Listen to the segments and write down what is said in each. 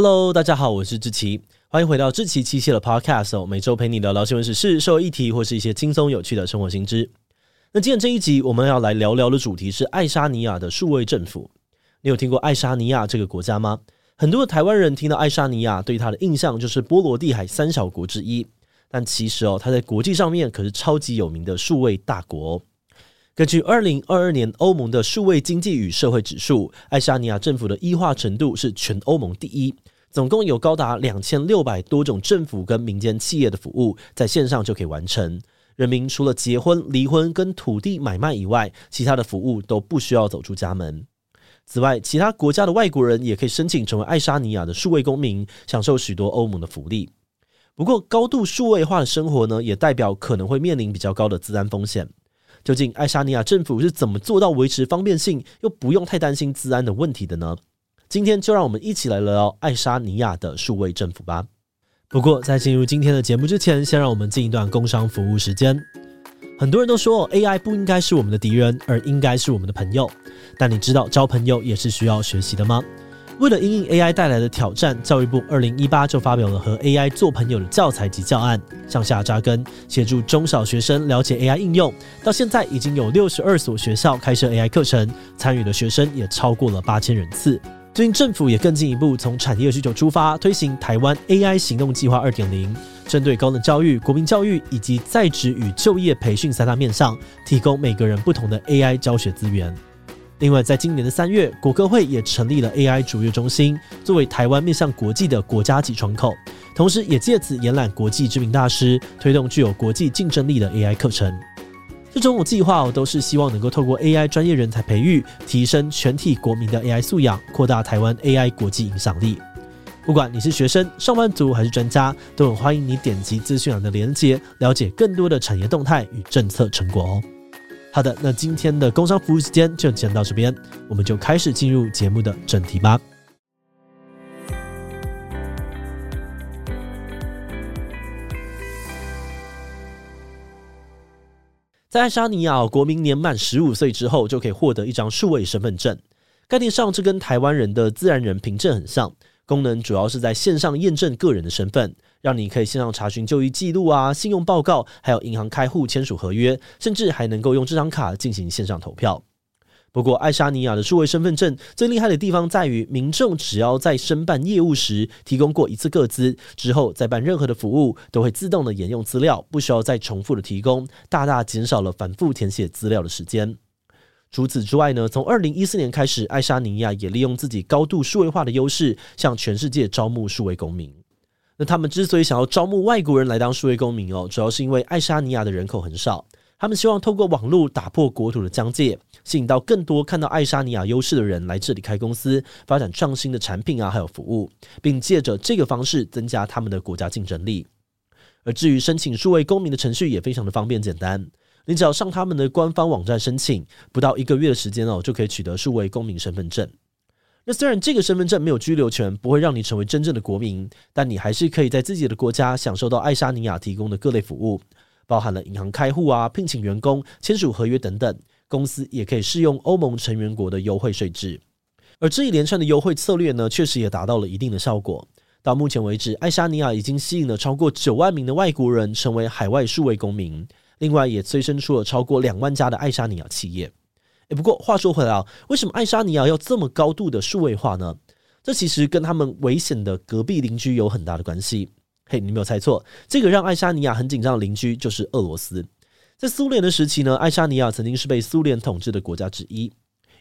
Hello，大家好，我是志祺，歡迎回到志祺七七的 Podcast，每週陪你的聊聊新聞時事、社會議題，或是一些輕鬆有趣的生活新知。那今天這一集我們要來聊聊的主題是愛沙尼亞的數位政府。你有聽過愛沙尼亞這個國家嗎？很多的台灣人聽到愛沙尼亞，對他的印象就是波羅的海三小國之一，但其實哦，他在國際上面可是超級有名的數位大國哦。根據二零二二年歐盟的數位經濟與社會指數，愛沙尼亞政府的異化程度是全歐盟第一。總共有高達兩千六百多種政府跟民間企業的服務在線上就可以完成。人民除了結婚、離婚跟土地買賣以外，其他的服務都不需要走出家門。此外，其他國家的外國人也可以申請成為愛沙尼亞的數位公民，享受許多歐盟的福利。不過，高度數位化的生活呢，也代表可能會面臨比較高的資安風險。究竟愛沙尼亞政府是怎麼做到維持方便性，又不用太擔心資安的問題的呢？今天就讓我們一起來聊聊愛沙尼亞的數位政府吧。不過在進入今天的節目之前，先讓我們進一段工商服務時間。很多人都說 AI 不應該是我們的敵人，而應該是我們的朋友。但你知道交朋友也是需要學習的嗎？為了因應 AI 帶來的挑戰，教育部二零一八就發表了和 AI 做朋友的教材及教案，向下扎根，協助中小學生了解 AI 應用。到現在已經有六十二所學校開設 AI 課程，參與的學生也超過了八千人次。最近政府也更進一步從產業需求出發，推行台灣 AI 行動計劃二點零，針對高等教育、國民教育以及在職與就業培訓三大面向，提供每個人不同的 AI 教學資源。另外，在今年的三月，國科會也成立了 AI 卓越中心，作為台灣面向國際的國家級窗口，同時也借此延攬國際知名大師，推動具有國際競爭力的 AI 課程。這種計劃都是希望能夠透過 AI 專業人才培育，提升全體國民的 AI 素養，擴大台灣 AI 國際影響力。不管你是學生、上班族還是專家，都很歡迎你點擊資訊欄的連接，了解更多的產業動態與政策成果哦。好的，那今天的工商服務時間就講到這邊，我們就開始進入節目的正題吧。在愛沙尼亞，國民年滿十五歲之後，就可以獲得一張數位身份證，概念上這跟台灣人的自然人憑證很像。功能主要是在線上驗證個人的身份，讓你可以線上查詢就醫記錄啊、信用報告，還有銀行開戶、簽署合約，甚至還能夠用這張卡進行線上投票。不過，愛沙尼亞的數位身份證最厲害的地方在於，民眾只要在申辦業務時提供過一次個資，之後再辦任何的服務都會自動的沿用資料，不需要再重複的提供，大大減少了反覆填寫資料的時間。除此之外呢，從二零一四年開始，愛沙尼亞也利用自己高度數位化的優勢，向全世界招募數位公民。那他們之所以想要招募外國人來當數位公民哦，主要是因為愛沙尼亞的人口很少，他們希望透過網絡打破國土的疆界，吸引到更多看到愛沙尼亞優勢的人來這裡開公司、發展創新的產品啊，還有服務，並借着這個方式增加他們的國家競爭力。而至於申請數位公民的程序，也非常的方便簡單。你只要上他們的官方網站申請，不到一個月的時間哦，就可以取得數位公民身份證。那雖然這個身份證沒有居留權，不會讓你成為真正的國民，但你還是可以在自己的國家享受到愛沙尼亞提供的各類服務，包含了銀行開戶啊、聘請員工、簽署合約等等。公司也可以適用歐盟成員國的優惠稅制。而這一連串的優惠策略呢，確實也達到了一定的效果。到目前為止，愛沙尼亞已經吸引了超過九萬名的外國人成為海外數位公民。另外也催生出了超過兩萬家的愛沙尼亞企業。欸，不過話說回來啊，為什麼愛沙尼亞要這麼高度的數位化呢？這其實跟他們危險的隔壁鄰居有很大的關係。嘿，你沒有猜錯，這個讓愛沙尼亞很緊張的鄰居就是俄羅斯。在蘇聯的時期呢，愛沙尼亞曾經是被蘇聯統治的國家之一。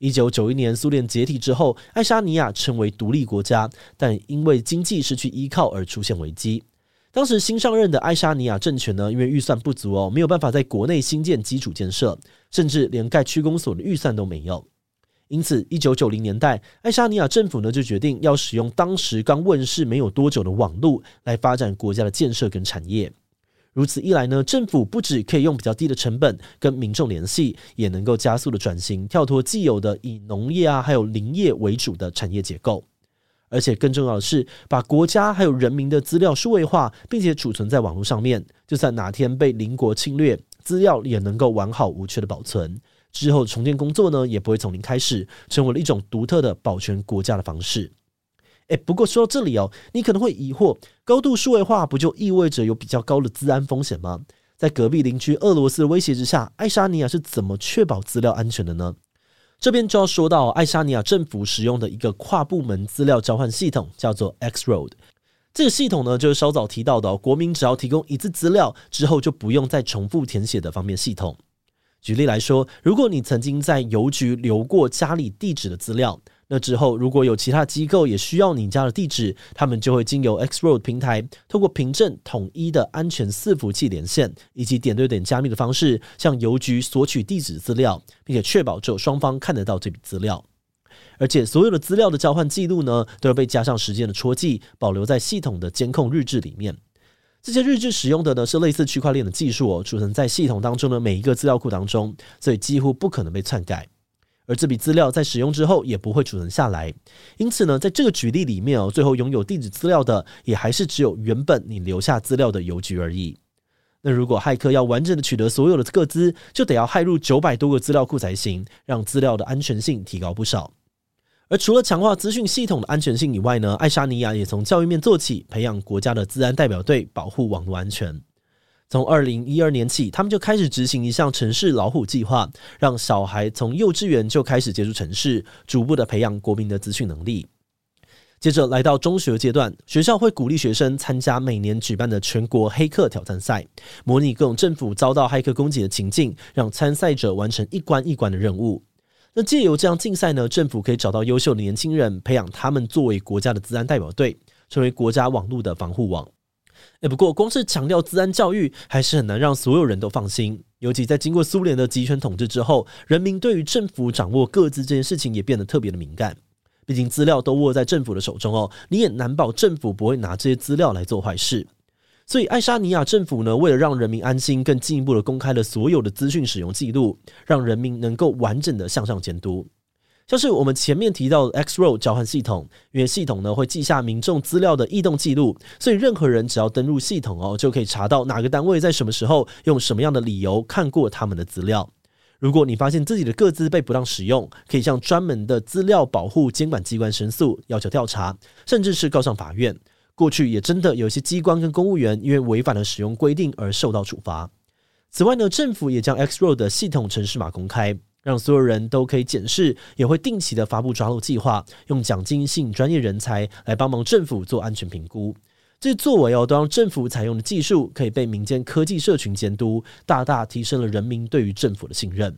一九九一年蘇聯解體之後，愛沙尼亞成為獨立國家，但因為經濟失去依靠而出現危機。當時新上任的愛沙尼亞政權呢，因為預算不足哦，沒有辦法在國內新建基礎建設，甚至連蓋區公所的預算都沒有。因此，一九九零年代，愛沙尼亞政府呢就決定要使用當時剛問世沒有多久的網路來發展國家的建設跟產業。如此一來呢，政府不只可以用比較低的成本跟民眾聯繫，也能夠加速的轉型，跳脫既有的以農業啊還有林業為主的產業結構。而且更重要的是，把國家還有人民的資料數位化，並且儲存在網絡上面，就算哪天被鄰國侵略，資料也能夠完好無缺的保存。之後重建工作呢，也不會從零開始，成為了一種獨特的保全國家的方式。哎、欸，不過說到這裡哦，你可能會疑惑，高度數位化不就意味着有比較高的資安風險嗎？在隔壁鄰居俄羅斯的威脅之下，愛沙尼亞是怎麼確保資料安全的呢？這邊就要說到愛沙尼亞政府使用的一個跨部門資料交換系統，叫做 X-Road。這個系統呢，就是稍早提到的，國民只要提供一次資料之後，就不用再重複填寫的方面系統。舉例來說，如果你曾經在郵局留過家裡地址的資料。那之後，如果有其他機構也需要你家的地址，他們就會經由 X-Road 平台，透過憑證統一的安全伺服器連線，以及點對點加密的方式，向郵局索取地址資料，並且確保只有雙方看得到這筆資料。而且，所有的資料的交換記錄呢，都要被加上時間的戳記，保留在系統的監控日誌裡面。這些日誌使用的呢，是類似區塊鏈的技術哦，儲存在系統當中的每一個資料庫當中，所以幾乎不可能被篡改。而這筆資料在使用之後也不會儲存下來，因此呢，在這個舉例裡面哦，最後擁有地址資料的也還是只有原本你留下資料的郵局而已。那如果駭客要完整的取得所有的個資，就得要駭入九百多個資料庫才行，讓資料的安全性提高不少。而除了強化資訊系統的安全性以外呢，愛沙尼亞也從教育面做起，培養國家的資安代表隊，保護網絡安全。從二零一二年起，他們就開始執行一項程式老虎計劃，讓小孩從幼稚園就開始接觸程式，逐步的培養國民的資訊能力。接着來到中學階段，學校會鼓勵學生參加每年舉辦的全國駭客挑戰賽，模擬各種政府遭到駭客攻擊的情境，讓參賽者完成一關一關的任務。那借由這樣競賽呢，政府可以找到優秀的年輕人，培養他們作為國家的資安代表隊，成為國家網路的防護網。欸、不過光是強調資安教育，還是很難讓所有人都放心。尤其在經過蘇聯的極權統治之後，人民對於政府掌握個資這件事情也變得特別的敏感。畢竟資料都握在政府的手中哦，你也難保政府不會拿這些資料來做壞事。所以愛沙尼亞政府呢，為了讓人民安心，更進一步的公開了所有的資訊使用記錄，讓人民能夠完整的向上監督。就是我們前面提到的 X-Road 交換系統，因為系統呢，會記下民眾資料的異動記錄，所以任何人只要登入系統哦，就可以查到哪個單位在什麼時候用什麼樣的理由看過他們的資料。如果你發現自己的個資被不當使用，可以向專門的資料保護監管機關申訴，要求調查，甚至是告上法院。過去也真的有一些機關跟公務員因為違反了使用規定而受到處罰。此外呢，政府也將 X-Road 的系統程式碼公開，讓所有人都可以檢視，也會定期的發布抓漏計劃，用獎金吸引專業人才來幫忙政府做安全評估。這些作為哦，都讓政府採用的技術可以被民間科技社群監督，大大提升了人民對於政府的信任。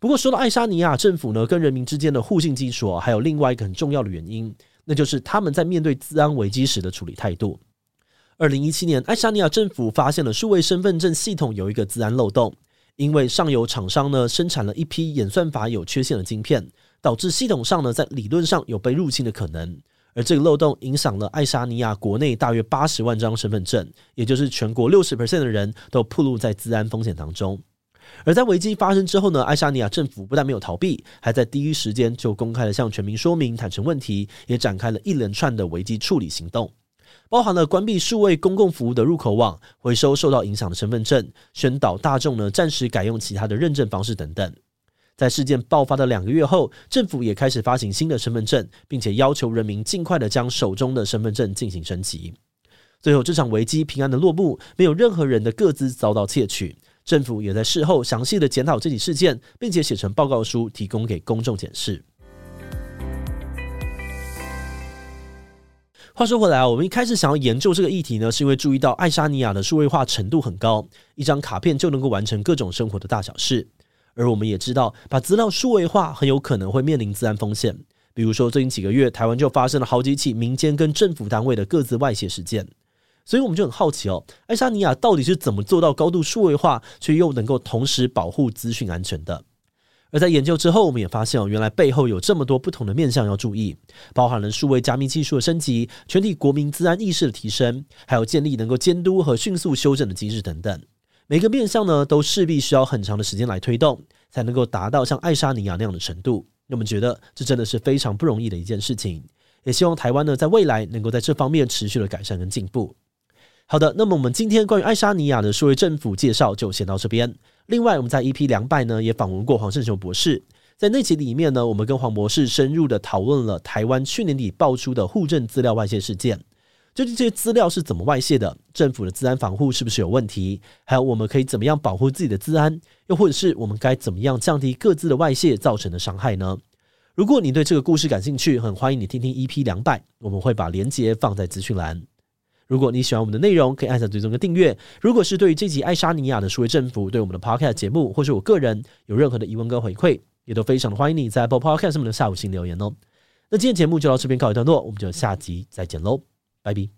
不過，說到愛沙尼亞政府呢，跟人民之間的互信基礎，還有另外一個很重要的原因，那就是他們在面對資安危機時的處理態度。二零一七年，愛沙尼亞政府發現了數位身份證系統有一個資安漏洞。因為上游廠商呢，生產了一批演算法有缺陷的晶片，導致系統上呢，在理論上有被入侵的可能。而這個漏洞影響了愛沙尼亞國內大約八十萬張身份證，也就是全國六十 percent 的人都暴露在資安風險當中。而在危機發生之後呢，愛沙尼亞政府不但沒有逃避，還在第一時間就公開了向全民說明、坦誠問題，也展開了一連串的危機處理行動。包含了關閉數位公共服務的入口網，回收受到影響的身份證，宣導大眾呢暫時改用其他的認證方式等等。在事件爆發的兩個月後，政府也開始發行新的身份證，並且要求人民盡快的將手中的身份證進行升級。最後，這場危機平安的落幕，沒有任何人的個資遭到竊取。政府也在事後詳細的檢討這起事件，並且寫成報告書提供給公眾檢視。話說回來啊，我們一開始想要研究這個議題呢，是因為注意到愛沙尼亞的數位化程度很高，一張卡片就能夠完成各種生活的大小事。而我們也知道，把資料數位化很有可能會面臨資安風險，比如說最近幾個月，台灣就發生了好幾起民間跟政府單位的個資外洩事件。所以我們就很好奇哦，愛沙尼亞到底是怎麼做到高度數位化，卻又能夠同時保護資訊安全的？而在研究之後，我們也發現哦，原來背後有這麼多不同的面向要注意，包含了數位加密技術的升級、全體國民資安意識的提升，還有建立能夠監督和迅速修正的機制等等。每個面向呢，都勢必需要很長的時間來推動，才能夠達到像愛沙尼亞那樣的程度。我們覺得這真的是非常不容易的一件事情，也希望台灣呢，在未來能夠在這方面持續的改善跟進步。好的，那麼我們今天關於愛沙尼亞的數位政府介紹就先到這邊。另外，我們在 EP 呢《EP 兩百》呢也訪問過黃勝雄博士，在那集裡面呢，我們跟黃博士深入的討論了台灣去年底爆出的戶政資料外泄事件，究竟這些資料是怎麼外泄的，政府的資安防護是不是有問題，還有我們可以怎麼樣保護自己的資安，又或者是我們該怎麼樣降低個資的外泄造成的傷害呢？如果你對這個故事感興趣，很歡迎你聽聽《EP 兩百》，我們會把鏈接放在資訊欄。如果你喜歡我們的內容，可以按下最終的訂閱。如果是對於這集愛沙尼亞的數位政府、對我們的 Podcast 節目，或是我個人有任何的疑問跟回饋，也都非常的歡迎你，在 Apple Podcast 上面的下方新留言哦。那今天節目就到這邊告一段落，我們就下集再見嘍，拜拜。